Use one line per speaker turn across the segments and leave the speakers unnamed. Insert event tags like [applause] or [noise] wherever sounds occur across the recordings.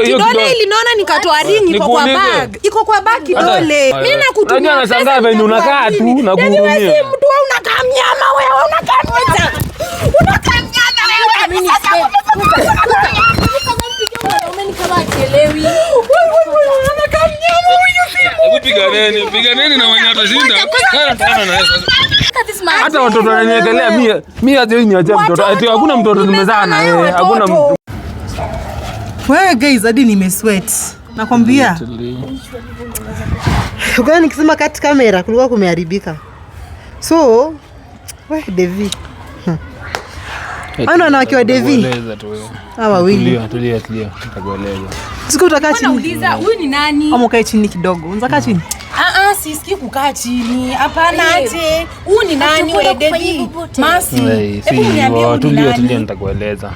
Kidole ili naona nikatoa eh, ringi iko kwa bag. Iko kwa bag kidole. Mimi nakutumia.
Anashangaa venye unakaa tu na kuhurumia. Yaani wewe
mtu wewe unakaa mnyama wewe unakaa mnyama. Unakaa mnyama
wewe.
Piganeni, piganeni na Wanyata shinda. Hata watoto wananiekelea mimi. Mimi hata niache mtoto. hakuna mtoto tumezaa na yeye. Hakuna mtu.
Wewe guys, hadi nimesweat nakwambia. Kwa nikisema kati kamera kulikuwa kumeharibika, so we Devi ana wanawake wa Devi hawa utakaa chini, ama ukae chini kidogo, unataka chini
Masi, sisikii kukaa chini. Hapana eh, aje. Huu ni nani wewe dedi? Masi. Hebu niambie huyu ni
nani? Nitakueleza.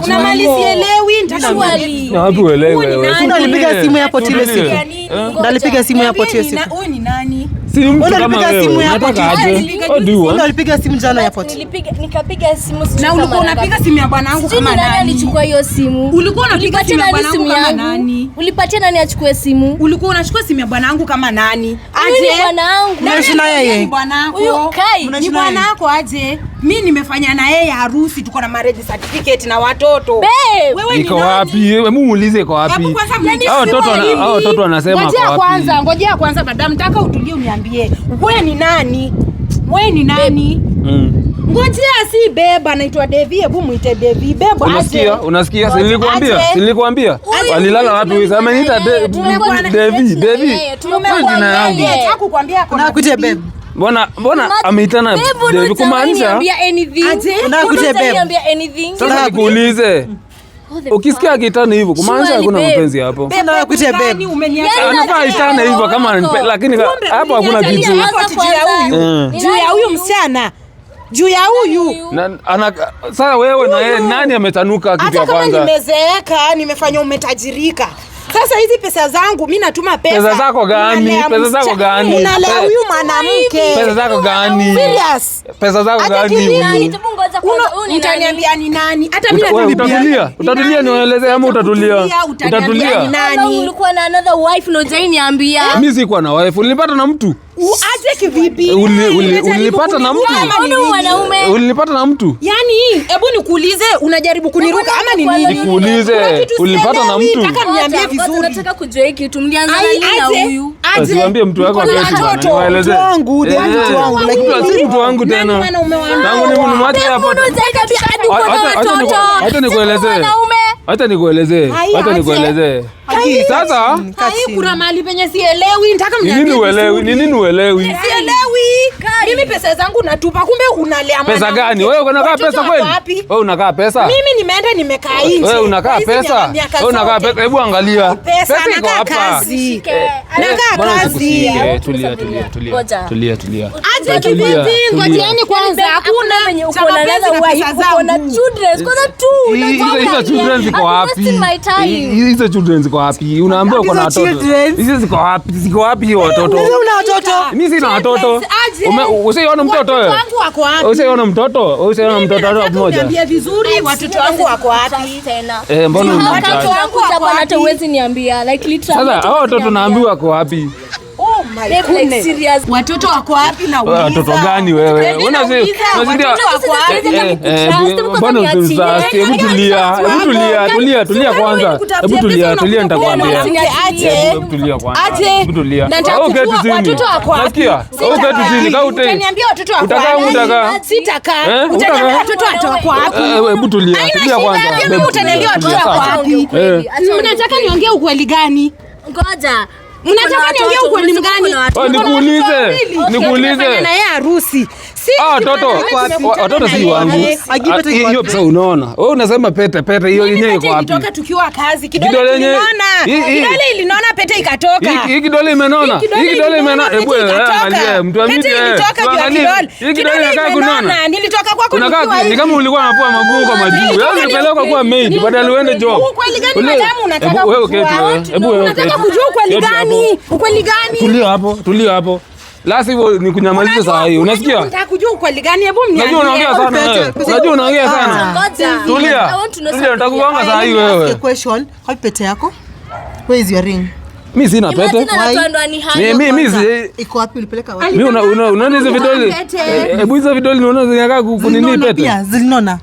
Kuna mali sielewi
nitakuelewi.
Nalipiga simu hapo tile siku. Nalipiga simu hapo tile siku. Huyu ni nani? Ulipiga simu jana airport.
Nikapiga simu
sijui. Na ulikuwa unapiga simu ya bwanangu
kama nani? Alichukua hiyo simu.
Ulikuwa unapiga simu ya bwanangu kama nani?
Ulipatia nani achukue simu?
Ulikuwa unachukua simu ya bwanangu kama nani? Aje. Ni bwanangu.
Unaishi na yeye? Ni
bwanako. Ni bwanako aje. Mi nimefanya na yeye harusi, tuko na marriage certificate na watoto.
Iko wapi? Wewe muulize iko wapi? Yaani hao watoto hao watoto wanasema kwa wapi? Kwanza
ngojea kwanza, madam, nataka utulie uniambie. Wewe ni nani? Wewe ni nani? Mm. Ngojea si beba naitwa Devi, hebu muite Devi. Beba
aje. Unasikia? Unasikia? Nilikuambia, nilikuambia. Walilala wapi wewe? Ameniita Devi, Devi. Tumekuambia, tumekuambia,
kukuambia kuna kuite beba.
Mbona mbona ameitana Devi kumaanisha? Sasa nikuulize. Ukisikia akitana hivyo kumaanisha hakuna mapenzi hapo.
Yaani
Anafaa aitane hivyo kama lakini hapo hakuna kitu.
Mm. Juu ya huyu msichana juu ya huyu
sasa, wewe na yeye nani ametanuka kitu ya kwanza?
Hata kama nimezeeka, nimefanya umetajirika sasa hizi pesa zangu mimi natuma pesa.
Pesa zako gani? Pesa zako gani?
Unalea huyu mwanamke.
Pesa zako gani?
Serious.
Pesa zako gani?
Utaniambia ni nani? Hata mimi natulia.
utatulia. Utatulia nieleze ama utatulia. Utatulia.
Ulikuwa na another wife na niambia.
Mimi sikuwa na wife. Nilipata na mtu.
Uaje kivipi?
Eh, yaani, ulipata na mtu? Ulipata na mtu?
Yaani, hebu nikuulize unajaribu kuniruka ama ni nini?
Nikuulize, ulipata na mtu?
Nataka niambie vizuri. Nataka kujua hiki kitu mlianza na huyu?
mtu wako bwana. Niwaeleze. Mtu
wangu, eh, ni yaani mtu wangu, wangu
hapa.
Hata nikueleze. Hata nikuelezee, hata nikuelezee. Sasa
kuna mali penye sielewi, nataka
mniambie. Nini uelewi? Nini eh, uelewi?
Sielewi. Mimi pesa zangu natupa, kumbe unalea
Pesa gani? Wewe unakaa pesa kweli? Wewe unakaa pesa?
Mimi nimeenda nimekaa nje.
Wewe unakaa pesa? Wewe unakaa pesa? Hebu angalia.
Pesa iko hapa. Eh, nakaa kazi.
Tulia, tulia, tulia. Tulia, tulia.
Aje kwanza. Hakuna uko na children.
Hizo children ziko wapi? Hizo children ziko wapi? Unaambiwa kuna watoto. Hizo ziko wapi? Ziko wapi hizo watoto? Mimi
una watoto.
Mimi sina watoto. Ah, Usaiona mtoto wewe. Usaiona mtoto. Usaiona mtoto
hata mmoja. Niambie vizuri watoto wangu wako wapi
tena? Eh, mbona
Watoto wangu hata huwezi niambia like literally.
Sasa hao watoto naambiwa wako wapi?
Watoto wako wapi yaani
Tulia, yaani tulia kwanza. Hebu tulia, tulia nitakwambia.
Watoto wako wapi? Yaani eh? Sitakaa. Eh, hebu tulia, tulia kwanza. Eh. niongee ukweli gani? Ngoja. Mnataka niongee ukweli mgani?
Nikuulize, nikuulize
na yeye harusi
Ah, watoto si wangu. Eh, ah, hiyo pesa ah, unaona wewe, oh, unasema pete pete, hiyo yaani
yenyewe iko wapi? kidole ilinaona, pete ikatoka.
Hii kidole imenona, hii kidole imenona. Eh, mtu eh. ni kama ulikuwa unafua magugu kwa majuu. Wewe unapelekwa kwa maid badala uende job.
Ukweli gani madamu
hapo, tulia hapo. La sivyo ni kunyamaliza saa hii. Unasikia?
Unataka kujua ukweli gani? Hebu
mniambie. Unajua unaongea ah. sana wewe. Unajua unaongea sana. Tulia. Tulia nitakuanga saa hii wewe. Ask
a Question, hapi pete yako? Where is your ring?
Mimi sina pete. Mimi mimi
iko wapi ulipeleka
wapi? Mimi unaona hizo vidole. Eh, hebu hizo vidole unaona zinakaa kunini pete? Zilinona.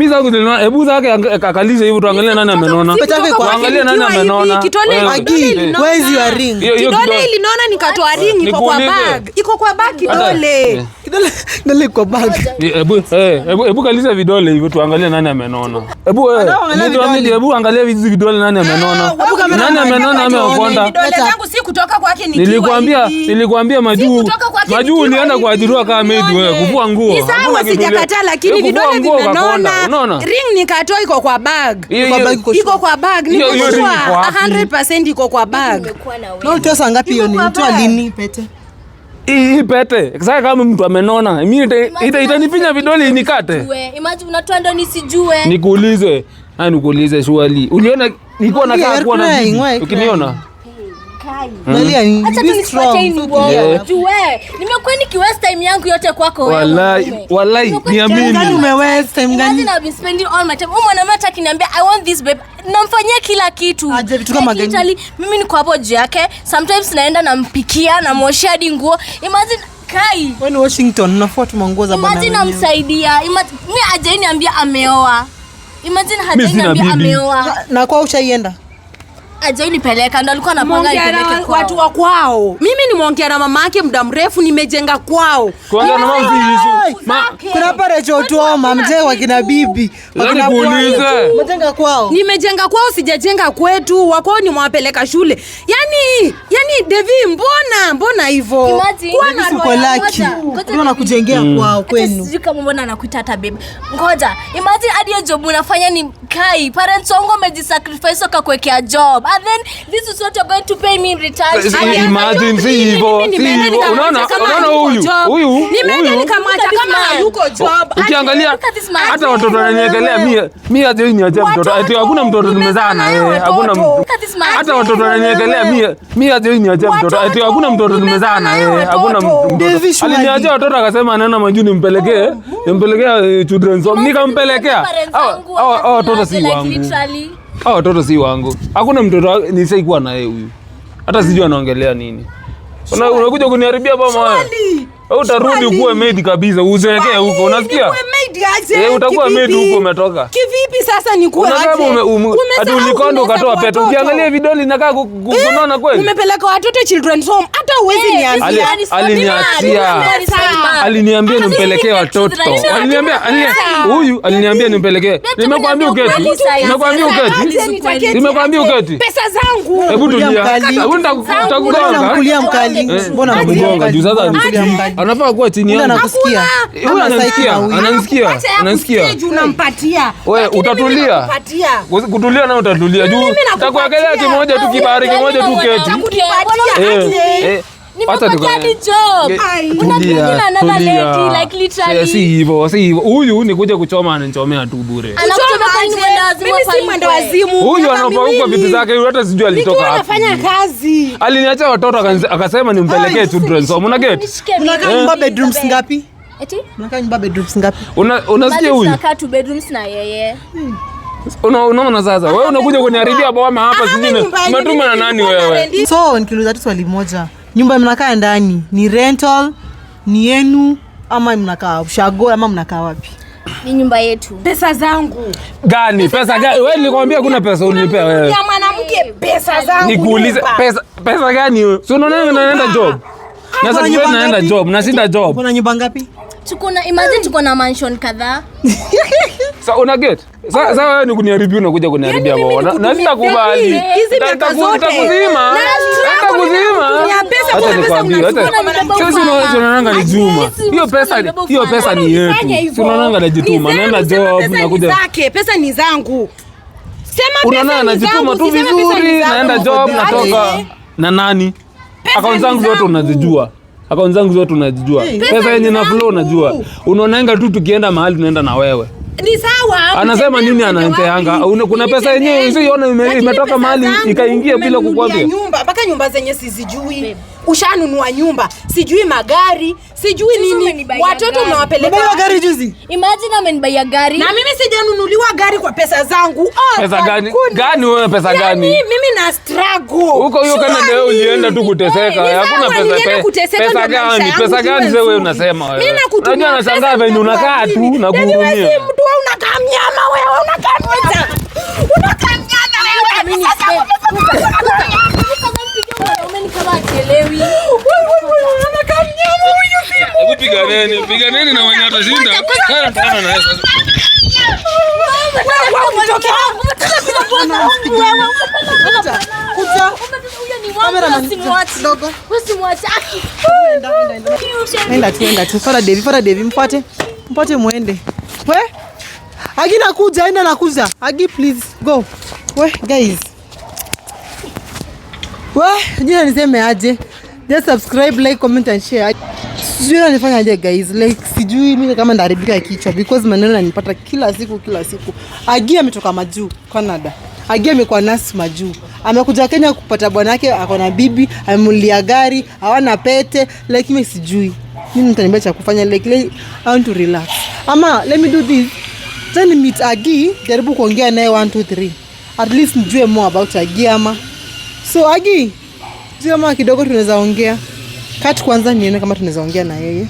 Mimi zangu niliona, hebu zake akalize hivi tuangalie nani amenona. Tuangalie nani amenona.
Kidole ilinona nikatoa ring iko kwa bag. Iko kwa bag kidole.
Hebu eh. eh, kaliza vidole hivi tuangalie nani amenona. Hebu eh, angalia hizi vidole nani amenona. Nani amenona ameokonda? Nilikwambia nilikwambia majuu. Majuu ulienda kuajiriwa kama maid wewe kuvua nguo.
sawa sijakataa lakini vidole vimenona no, no. Ring nikatoa iko kwa bag. Iko kwa bag. Nimetoa 100% iko kwa bag.
Na ulitoa saa ngapi hiyo? Ulitoa lini pete?
Hii pete. Sasa kama mtu amenona, mimi itanifinya vidole nikate.
Imagine unatoa ndo nisijue.
Nikuulize. Ah, nikuulize swali. Uliona nilikuwa nakaa kuwa na ukiniona?
Hmm.
Nimekuwa niki waste time yangu yote kwako wewe. namfanyia kila kitu. Mimi niko hapo juu yake. Sometimes naenda nampikia, namuoshea hadi nguo. Imagine Kai.
Wewe ni Washington, unafua tu manguo za bana.
Imagine namsaidia. Mimi ajaini ambia ameoa. Imagine hajaini ambia ameoa.
Na kwa ushaienda?
ajai eh, nipeleka, ndo alikuwa anapanga nipeleke kwao.
Watu wa kwao. Mimi nimeongea na mama yake muda mrefu, nimejenga kwao.
Kwanza na mama hizo.
Ma, kuna pale chotoa mamje wa kina bibi, wa kina bwana. Nimejenga kwao.
Nimejenga kwao, sijajenga kwetu. Wa kwao nimewapeleka shule. Yani, yani Devi, mbona mbona hivo? Kwa na roho laki. Ndio nakujengea mm. kwao kwenu.
Sijui kama mbona anakuita hata bibi. Ngoja, imagine hadi job unafanya ni kai. Parents wangu wamejisacrifice wakakuwekea job and then this is not about to pay me in return.
Imagine si hivyo. Unaona, unaona huyu huyu
nimeenda nikamwacha kama hayuko job. Oh,
ukiangalia hata watoto wananiekelea mimi mimi hata ni acha mtoto. Ati hakuna mtoto tumezaa na yeye. Hakuna
hata watoto wananiekelea mimi mimi hata ni acha mtoto. Ati hakuna mtoto tumezaa na yeye. Eh, hakuna mtoto.
Aliniacha
watoto akasema nana maju nimpelekee, oh, nimpelekea eh, children's home. Nikampelekea. Hao watoto si wangu. Hao watoto si wangu. Hakuna mtoto nisaikuwa yeye huyu. Hata sijui anaongelea nini. Unakuja kuniharibia mama wewe. Wewe utarudi kuwa maid kabisa, uzeekee huko. Unasikia? Eh, utakuwa maid huko umetoka.
Kivipi sasa nikuwe
aje? Hadi ulikondo ukatoa pete. Ukiangalia vidole inakaa kunona eh, kweli.
Umepeleka watoto children's home. Hata uwezi eh, niambia.
Yaani aliniachia aliniambia ah, nimpelekee watoto, aliniambia ah, huyu, aliniambia nimpelekee. Nimekwambia uketi, nimekwambia uketi, nimekwambia uketi.
Pesa zangu,
hebu tulia, hebu nitakugonga.
Kulia mkali. Eh. Mbona
nakugonga juu? Sasa anafaa kuwa chini
yangu, anakusikia,
ananisikia, ananisikia,
ananisikia.
Wewe utatulia, kutulia na utatulia juu, takuwekelea kimoja tu, kibari kimoja tu, uketi si hivyo, si hivyo. Huyu ni kuja kuchoma, ananichomea tu bure. Huyu anapauka vitu zake, hata sijui alitoka Aliniacha watoto akasema nimpelekee children's home. Una get? Unasikia huyu? Unaona sasa, wewe unakuja kuniharibia boma hapa, sijui umetuma na nani wewe?
So nikiuliza tu swali moja nyumba mnakaa ndani ni rental, ni yenu ama mnakaa ushago ama mnakaa wapi?
Ni nyumba yetu.
Pesa zangu
gani? Pesa gani? Wewe nilikwambia kuna pesa unipea wewe.
Ya mwanamke pesa zangu.
Nikuulize pesa pesa gani wewe? Si unaona wewe unaenda job. Na sasa wewe naenda job, na sina job.
Kuna nyumba ngapi?
Tuko na imagine tuko na mansion kadhaa.
Sasa [laughs] una get? Sasa wewe ni kuniharibia unakuja kuniharibia yaani bwana. Na sitakubali. Hizi miaka zote. Nitakuzima. Hata unaonanga ni Juma, hiyo pesa, ni yetu. Unaonanga naenda job,
Pesa ni zangu,
tu vizuri, naenda job, natoka na nani, akaunti zangu zote unazijua akaunti zangu zote unazijua, pesa yenye na flow unajua, unaonanga tu tukienda mahali tunaenda na wewe
ni sawa.
Anasema nini anampeanga Kuna pesa yenyewe ona imetoka mali ikaingia bila kukwambia.
Nyumba mpaka nyumba zenye sizijui ushanunua nyumba, sijui magari, sijui nini, watoto unawapeleka gari juzi. Imagine amenibaya gari na mimi sijanunuliwa gari kwa pesa zangu.
Oh, pesa gani gani? Wewe pesa gani? Mimi
na struggle
huko hiyo, kana ndio ulienda tu kuteseka. Hakuna pesa. Pesa gani? Pesa gani? wewe unasema
wewe, mimi nakutumia.
Unajua nashangaa venye unakaa tu na yaani kuhurumia.
si mtu, wewe unakaa mnyama, wewe unakaa mnyama, unakaa mnyama wewe
haelewi.
Hebu piganeni, piganeni na wenye atashinda.
mpate. Mpate muende. We? Agi nakuja, enda nakuja. Agi please, go. We, guys. Jina niseme aje? Just subscribe, like, comment and share. Sijui nifanya aje guys. Like sijui mimi kama ndaharibika kichwa because maneno nanipata kila siku kila siku. Agi ametoka majuu Canada. Agi amekuwa nasi majuu. Amekuja Kenya kupata bwana yake, ako na bibi, amemulia gari, hawana pete, like mimi sijui. Mimi nitaniambia cha kufanya like, like I want to relax. Ama let me do this. Then meet Agi, jaribu kuongea naye 1 2 3. At least njue more about Agi ama So Agi, zio kidogo tunaweza ongea. Kati kwanza nione kama tunaweza ongea na yeye.